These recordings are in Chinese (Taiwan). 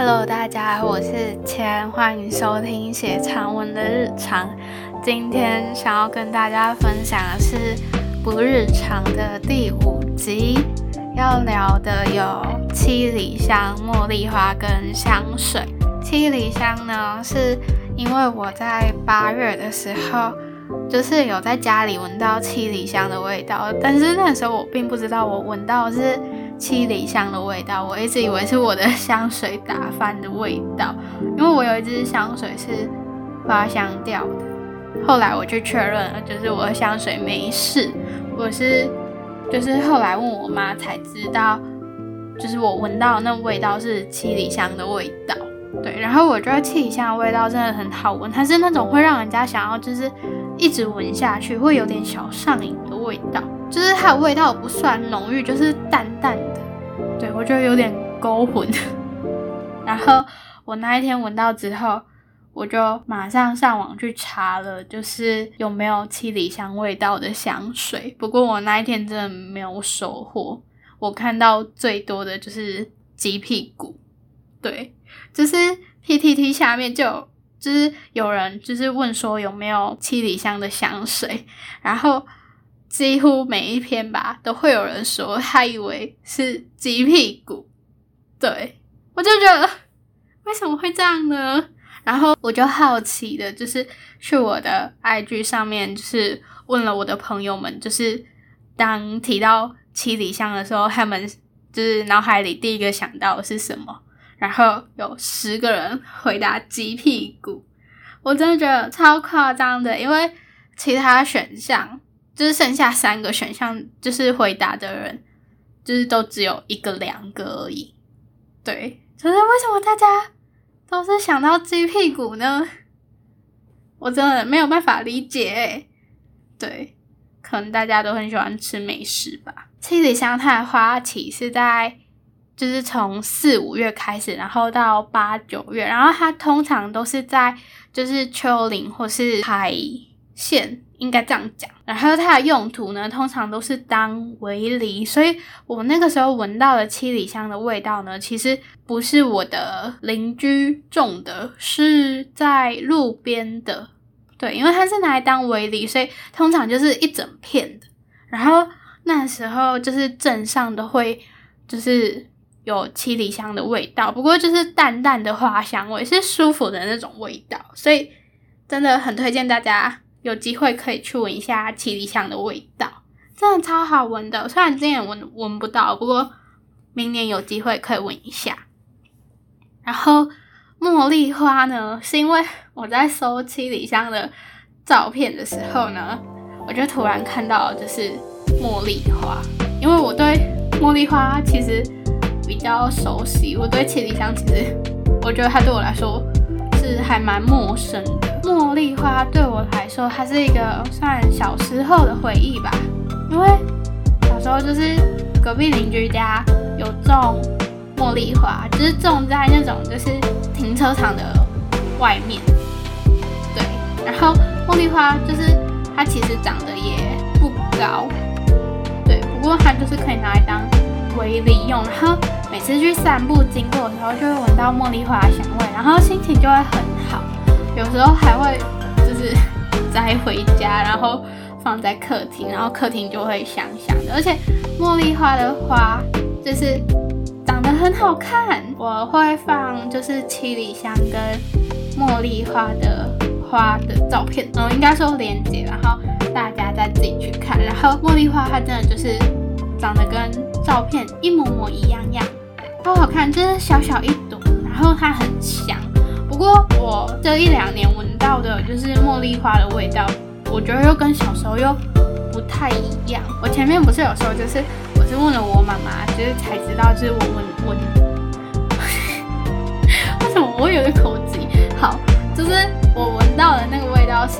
Hello，大家好，我是千，歡迎收聽寫長文的日常。今天想要跟大家分享的是不日常的第五集，要聊的有七里香、茉莉花跟香水。七里香呢，是因為我在八月的時候，就是有在家裡聞到七里香的味道，但是那時候我並不知道我聞到的是七里香的味道，我一直以為是我的香水打翻的味道，因為我有一支香水是花香調的。後來我就確認了，就是我的香水沒事，我是就是後來問我媽才知道，就是我聞到那味道是七里香的味道。對，然後我覺得七里香的味道真的很好聞，它是那種會讓人家想要就是一直聞下去，會有點小上癮的味道。就是它的味道不算濃郁，就是淡淡的，對，我覺得有點勾魂。 然後我那一天聞到之後，我就馬上上網去查了，就是有沒有七里香味道的香水。不過我那一天真的沒有收穫，我看到最多的就是雞屁股。對，就是 PTT 下面就就是有人就是問說有沒有七里香的香水，然後。幾乎每一篇吧，都會有人說他以為是雞屁股，對，我就覺得為什麼會這樣呢？然後我就好奇的，就是去我的 IG 上面，就是問了我的朋友們，就是當提到七里香的時候，他們就是腦海裡第一個想到是什麼？然後有十個人回答雞屁股，我真的覺得超誇張的，因為其他選項。就是剩下三個選項，就是回答的人，就是都只有一個、兩個而已。對，可是就是為什麼大家都是想到雞屁股呢？我真的沒有辦法理解。對，可能大家都很喜歡吃美食吧。七里香它的花期是在，就是從四五月開始，然後到八九月，然後它通常都是在就是丘陵或是海線。應該這樣講，然後它的用途呢，通常都是當圍籬，所以我那個時候聞到的七里香的味道呢，其實不是我的鄰居種的，是在路邊的，對，因為它是拿來當圍籬，所以通常就是一整片的。然後那時候就是鎮上都會，就是有七里香的味道，不過就是淡淡的花香味，是舒服的那種味道，所以真的很推薦大家。有機會可以去聞一下七里香的味道，真的超好聞的。雖然今天聞聞不到，不過明年有機會可以聞一下。然後茉莉花呢，是因為我在搜七里香的照片的時候呢，我就突然看到就是茉莉花，因為我對茉莉花其實比較熟悉，我對七里香其實我覺得它對我來說，是還蠻陌生的。茉莉花對我來說，它是一個算小時候的回憶吧。因為小時候就是隔壁鄰居家有種茉莉花，就是種在那種就是停車場的外面。對，然後茉莉花就是它其實長得也不高，對，不過它就是可以拿來當圍籬用，然後每次去散步經過的時候，就會聞到茉莉花的香味，然後心情就會很好。有時候還會就是摘回家，然後放在客廳，然後客廳就會香香的。而且茉莉花的花就是長得很好看。我會放就是七里香跟茉莉花的花的照片，然後，嗯，應該說連接，然後大家再自己去看。然後茉莉花它真的就是長得跟照片一模模一樣樣。好好看，就是小小一朵，然後它很香。不過我這一兩年聞到的就是茉莉花的味道，我覺得又跟小時候又不太一樣。我前面不是有說就是，我是問了我媽媽，就是才知道，就是我聞聞，我 為什麼我有一口鼻？好，就是我聞到的那個味道是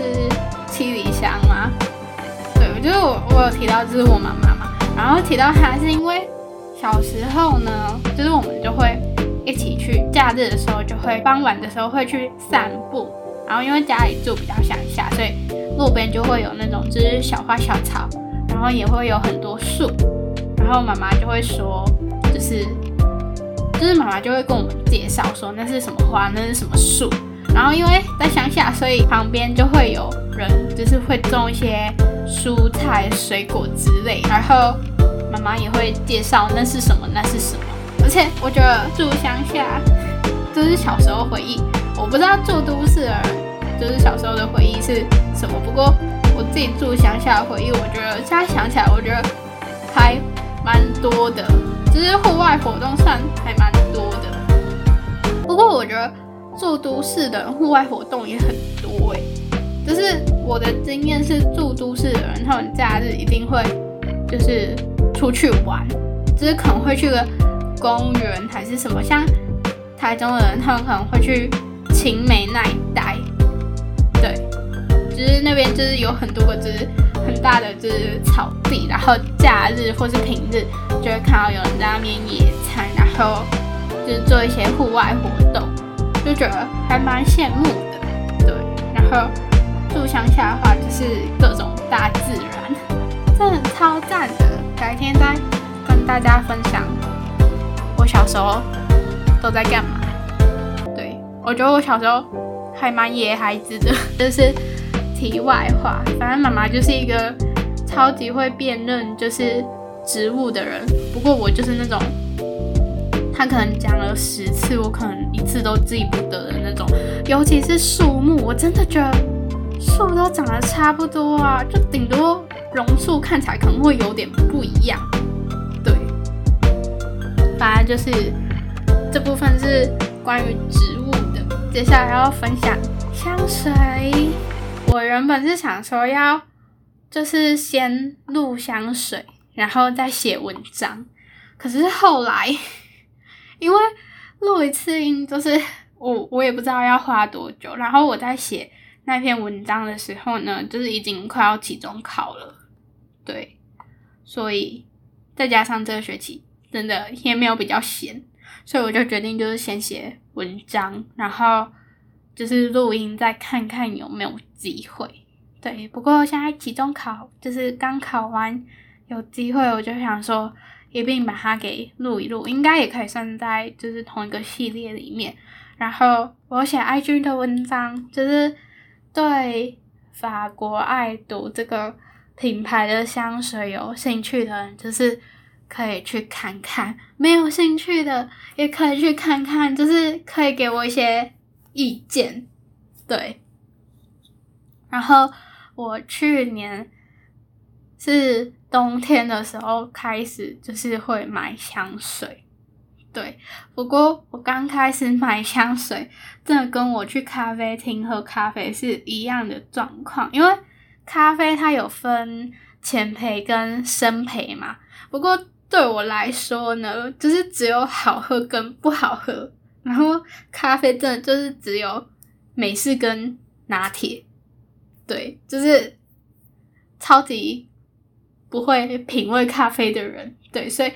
七里香嗎？對，就是我我有提到就是我媽媽嘛，然後提到她是因為。小時候呢，就是我們就會一起去，假日的時候就會傍晚的時候會去散步。然後因為家裡住比較鄉下，所以路邊就會有那種就是小花小草，然後也會有很多樹。然後媽媽就會說，就是就是媽媽就會跟我們介紹說那是什麼花，那是什麼樹。然後因為在鄉下，所以旁邊就會有人就是會種一些蔬菜、水果之類。然後。媽媽也會介紹那是什麼，那是什麼。而且我覺得住鄉下，就是小時候回憶。我不知道住都市的人，就是小時候的回憶是什麼。不過我自己住鄉下的回憶，我覺得現在想起來，我覺得還蠻多的，就是戶外活動上還蠻多的。不過我覺得住都市的人戶外活動也很多哎、欸，就是我的經驗是住都市的人，他們你假日一定會就是。出去玩，就是可能會去個公園還是什麼，像台中的人，他們可能會去勤美那一帶，對，就是那邊就是有很多個就是很大的就是草地，然後假日或是平日就會看到有人在那邊野餐，然後就是做一些戶外活動，就覺得還蠻羨慕的，對。然後住鄉下的話，就是各種大自然。真的超讚的，改天再跟大家分享我小時候都在幹嘛。對，我覺得我小時候還蠻野孩子的，就是題外話。反正媽媽就是一個超級會辨認就是植物的人，不過我就是那種她可能講了十次，我可能一次都記不得的那種。尤其是樹木，我真的覺得。樹都長得差不多啊，就頂多榕樹看起來可能會有點不一樣。對，反正就是這部分是關於植物的。接下來要分享香水。我原本是想說要就是先錄香水，然後再寫文章。可是後來因為錄一次音都是，就是我我也不知道要花多久，然後我再寫。那篇文章的時候呢，就是已經快要期中考了，對，所以再加上這個學期真的也沒有比較閒，所以我就決定就是先寫文章，然後就是錄音，再看看有沒有機會。對，不過現在期中考就是剛考完，有機會我就想說一併把它給錄一錄，應該也可以算在就是同一個系列裡面。然後我寫艾 g 的文章就是。對法國愛讀這個品牌的香水有興趣的人，就是可以去看看；沒有興趣的，也可以去看看，就是可以給我一些意見。對，然後我去年是冬天的時候開始，就是會買香水。對，不過我剛開始買香水，真的跟我去咖啡廳喝咖啡是一樣的狀況，因為咖啡它有分淺焙跟深焙嘛。不過對我來說呢，就是只有好喝跟不好喝，然後咖啡真的就是只有美式跟拿鐵，對，就是超級不會品味咖啡的人，對，所以。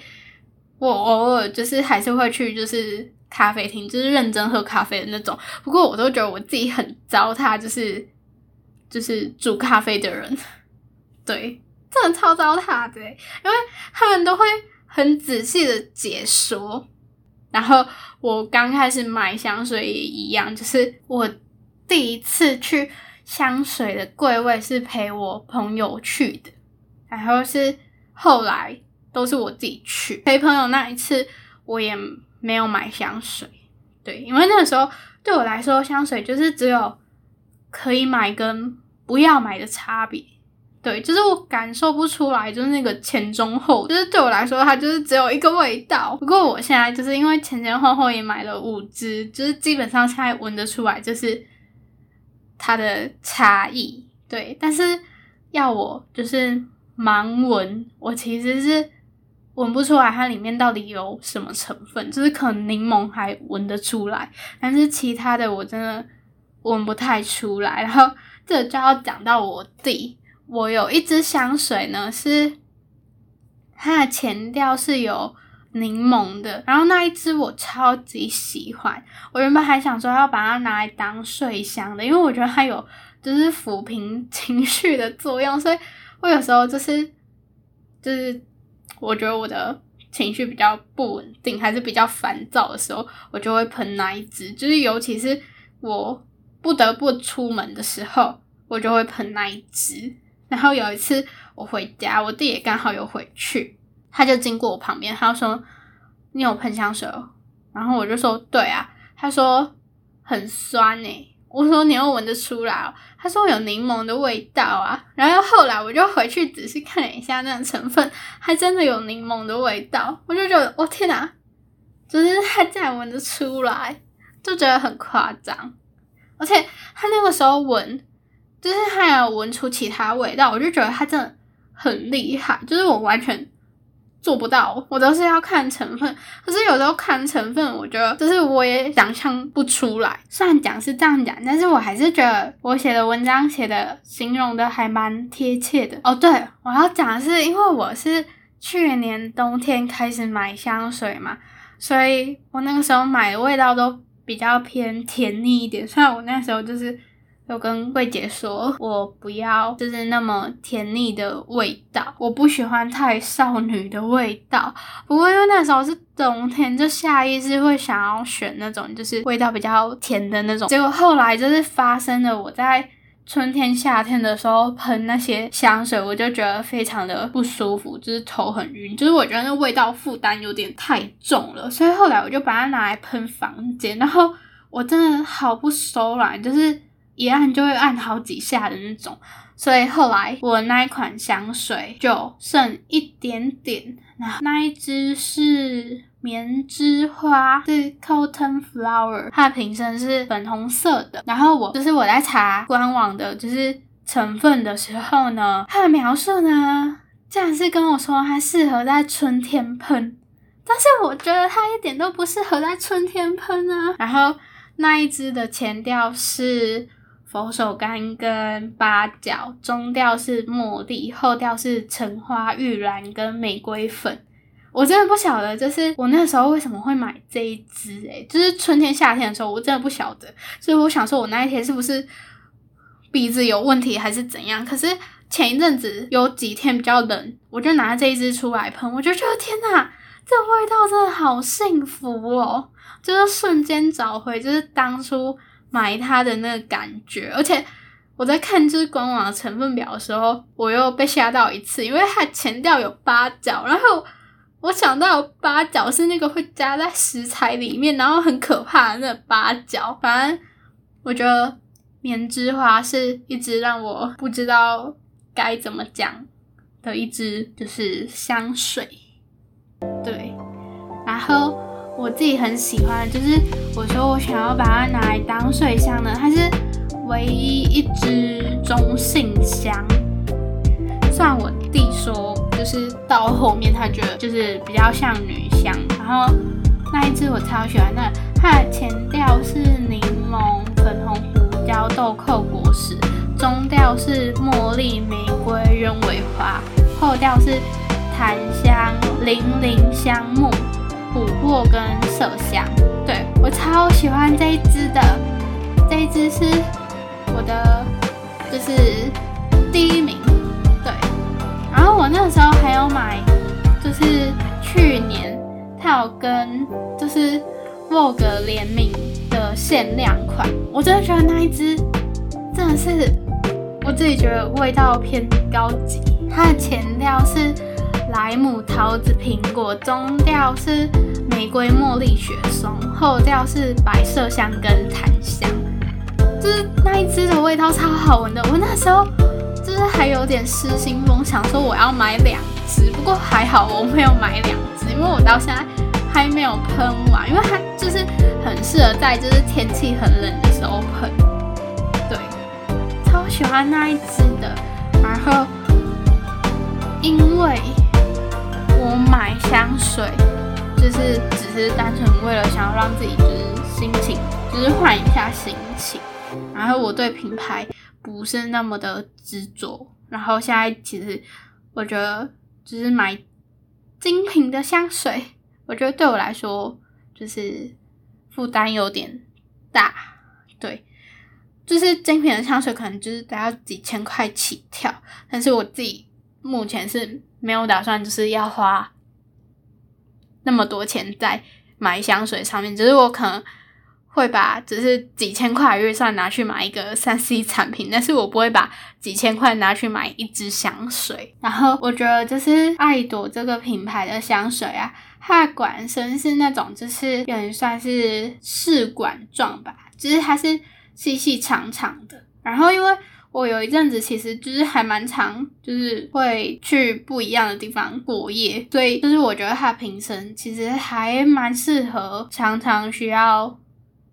我偶爾就是還是會去，就是咖啡廳，就是認真喝咖啡的那種。不過我都覺得我自己很糟蹋，就是，就是就是煮咖啡的人，對，真的超糟蹋的，欸，因為他們都會很仔細的解說。然後我剛開始買香水也一樣，就是我第一次去香水的櫃位是陪我朋友去的，然後是後來。都是我自己去。陪朋友那一次，我也沒有買香水，對，因為那個時候對我來說香水就是只有可以買跟不要買的差別，對，就是我感受不出來，就是那個前中後，就是對我來說它就是只有一個味道。不過我現在就是因為前前後後也買了五支，就是基本上現在聞得出來就是它的差異，對，但是要我就是盲聞，我其實是。聞不出來它裡面到底有什麼成分，就是可能檸檬還聞得出來，但是其他的我真的聞不太出來。然後這就要講到我自己，我有一支香水呢，是它的前調是有檸檬的，然後那一支我超級喜歡。我原本還想說要把它拿來當睡香的，因為我覺得它有就是撫平情緒的作用，所以我有時候就是就是。我覺得我的情緒比較不穩定，還是比較煩躁的時候，我就會噴那一支。就是尤其是我不得不出門的時候，我就會噴那一支。然後有一次我回家，我弟也剛好有回去，他就經過我旁邊，他就說：“你有噴香水哦？”然後我就說：“對啊。”他說：“很酸呢、欸。”我說，你要聞得出來哦？他說有檸檬的味道啊。然後後來我就回去仔細看了一下那個成分，還真的有檸檬的味道，我就覺得我天哪，就是他竟然聞得出來，就覺得很誇張，而且他那個時候聞，就是他要聞出其他味道，我就覺得他真的很厲害，就是我完全。做不到，我都是要看成分。可是有時候看成分，我覺得就是我也想象不出來。雖然講是這樣講，但是我還是覺得我寫的文章寫的形容的還蠻貼切的。哦，對，我要講的是，因為我是去年冬天開始買香水嘛，所以我那個時候買的味道都比較偏甜膩一點。雖然我那時候就是。又跟櫃姐說，我不要就是那麼甜膩的味道，我不喜歡太少女的味道。不過因為那時候是冬天，就下意識會想要選那種就是味道比較甜的那種。結果後來就是發生了，我在春天、夏天的時候噴那些香水，我就覺得非常的不舒服，就是頭很暈，就是我覺得那味道負擔有點太重了。所以後來我就把它拿來噴房間，然後我真的毫不手軟，就是。一按就會按好幾下的那種，所以後來我那一款香水就剩一點點。然後那一支是棉之花，是 Cotton Flower，它的瓶身是粉紅色的。然後我就是我在查官網的就是成分的時候呢，它的描述呢，竟然是跟我說它適合在春天噴，但是我覺得它一點都不適合在春天噴啊。然後那一支的前調是。佛手柑跟八角，中調是茉莉，後調是橙花、玉蘭跟玫瑰粉。我真的不曉得，就是我那時候為什麼會買這一支，欸，誒就是春天、夏天的時候，我真的不曉得。所以我想說，我那一天是不是鼻子有問題，還是怎樣？可是前一陣子有幾天比較冷，我就拿這一支出來噴，我就覺得天吶、啊、這味道真的好幸福哦，就是瞬間找回，就是當初。買它的那個感覺，而且我在看這官網的成分表的時候，我又被嚇到一次，因為它前調有八角，然後我想到八角是那個會加在食材裡面，然後很可怕的那個八角。反正我覺得棉之花是一支讓我不知道該怎麼講的一支，就是香水。對，然後。我自己很喜歡的就是，我說我想要把它拿來當睡香的，它是唯一一支中性香。雖然我弟說，就是到後面他覺得就是比較像女香，然後那一支我超喜歡那它的前調是檸檬、粉紅胡椒、豆蔻果實，中調是茉莉、玫瑰、鳶尾花，後調是檀香、零陵香木。琥珀跟麝香，對，我超喜歡這一支的，這一支是我的就是第一名，對。然後我那時候還有買，就是去年它有跟就是 Vogue 聯名的限量款，我真的覺得那一支真的是我自己覺得味道偏高級，它的前調是。萊姆桃子蘋果，中調是玫瑰茉莉、雪松，後調是白麝香跟檀香，就是那一支的味道超好聞的。我那時候就是還有點失心瘋，想說我要買兩支，不過還好我沒有買兩支，因為我到現在還沒有噴完，因為它就是很適合在就是天氣很冷的時候噴。對，超喜歡那一支的，然後因為。買香水，就是只是單純為了想要讓自己就是心情，就是換一下心情。然後我對品牌不是那麼的執着。然後現在其實我覺得，就是買精品的香水，我覺得對我來說就是負擔有點大。對，就是精品的香水可能就是得要幾千塊起跳，但是我自己目前是沒有打算就是要花。那麼多錢在買香水上面，只、就是我可能會把只是幾千塊預算拿去買一個三 C 產品，但是我不會把幾千塊拿去買一支香水。然後我覺得就是愛朵這個品牌的香水啊，它管身是那種就是有點算是試管狀吧，就是它是細細長長的。然後因為。我有一陣子，其實就是還蠻長，就是會去不一樣的地方過夜，所以就是我覺得它瓶身其實還蠻適合常常需要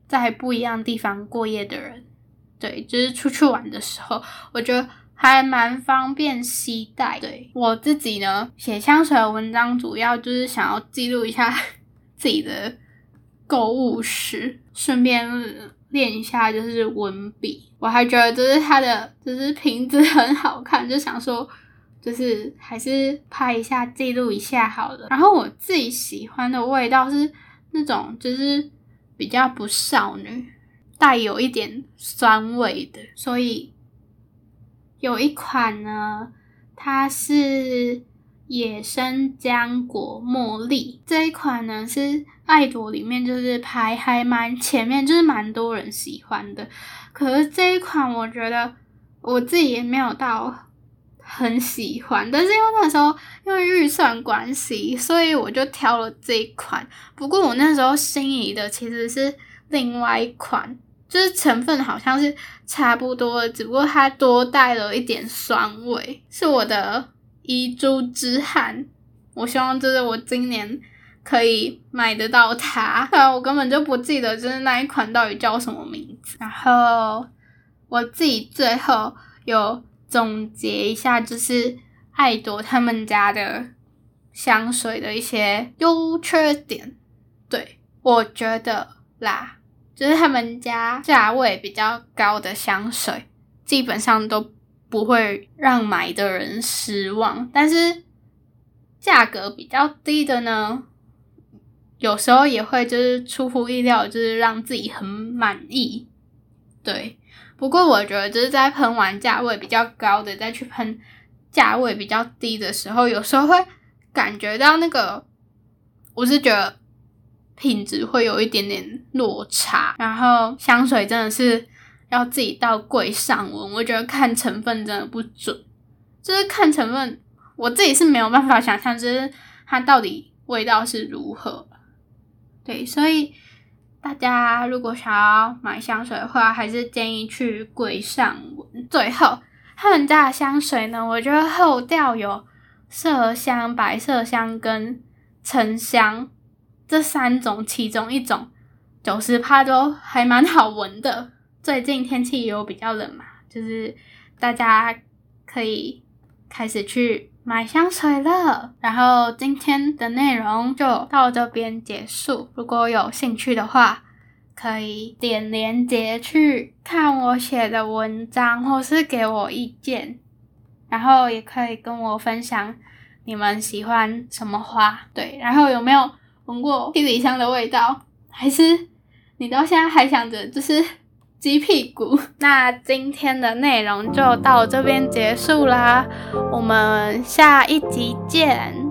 在不一樣地方過夜的人，對，就是出去玩的時候，我覺得還蠻方便攜帶。對我自己呢，寫香水的文章主要就是想要記錄一下自己的購物史，順便。練一下就是文筆，我還覺得就是它的就是瓶子很好看，就想說就是還是拍一下記錄一下好了。然後我自己喜歡的味道是那種就是比較不少女，帶有一點酸味的。所以有一款呢，它是。野生漿果茉莉這一款呢，是愛朵裡面就是排還蠻前面，就是蠻多人喜歡的。可是這一款，我覺得我自己也沒有到很喜歡。但是因為那時候因為預算關係，所以我就挑了這一款。不過我那時候心儀的其實是另外一款，就是成分好像是差不多，只不過它多帶了一點酸味，是我的。遺珠之憾，我希望就是我今年可以買得到它。啊，我根本就不記得就是那一款到底叫什麼名字。然後我自己最後有總結一下，就是愛朵他們家的香水的一些優缺點。對，我覺得啦，就是他們家價位比較高的香水，基本上都。不會讓買的人失望，但是價格比較低的呢，有時候也會就是出乎意料，就是讓自己很滿意。對，不過我覺得就是在噴完價位比較高的，再去噴價位比較低的時候，有時候會感覺到那個，我是覺得品質會有一點點落差。然後香水真的是。要自己到櫃上聞，我覺得看成分真的不準，就是看成分，我自己是沒有辦法想象，就是它到底味道是如何。對，所以大家如果想要買香水的話，還是建議去櫃上聞。最後，他們家的香水呢，我覺得後調有麝香、白色香跟澄香這三種，其中一種九十趴都還蠻好聞的。最近天氣有比較冷嘛，就是大家可以開始去買香水了。然後今天的內容就到這邊結束。如果有興趣的話，可以點鏈接去看我寫的文章，或是給我意見。然後也可以跟我分享你們喜歡什麼花，對，然後有沒有聞過七里香的味道，還是你到現在還想着就是？雞屁股， 那今天的內容就到這邊結束啦，我們下一集見。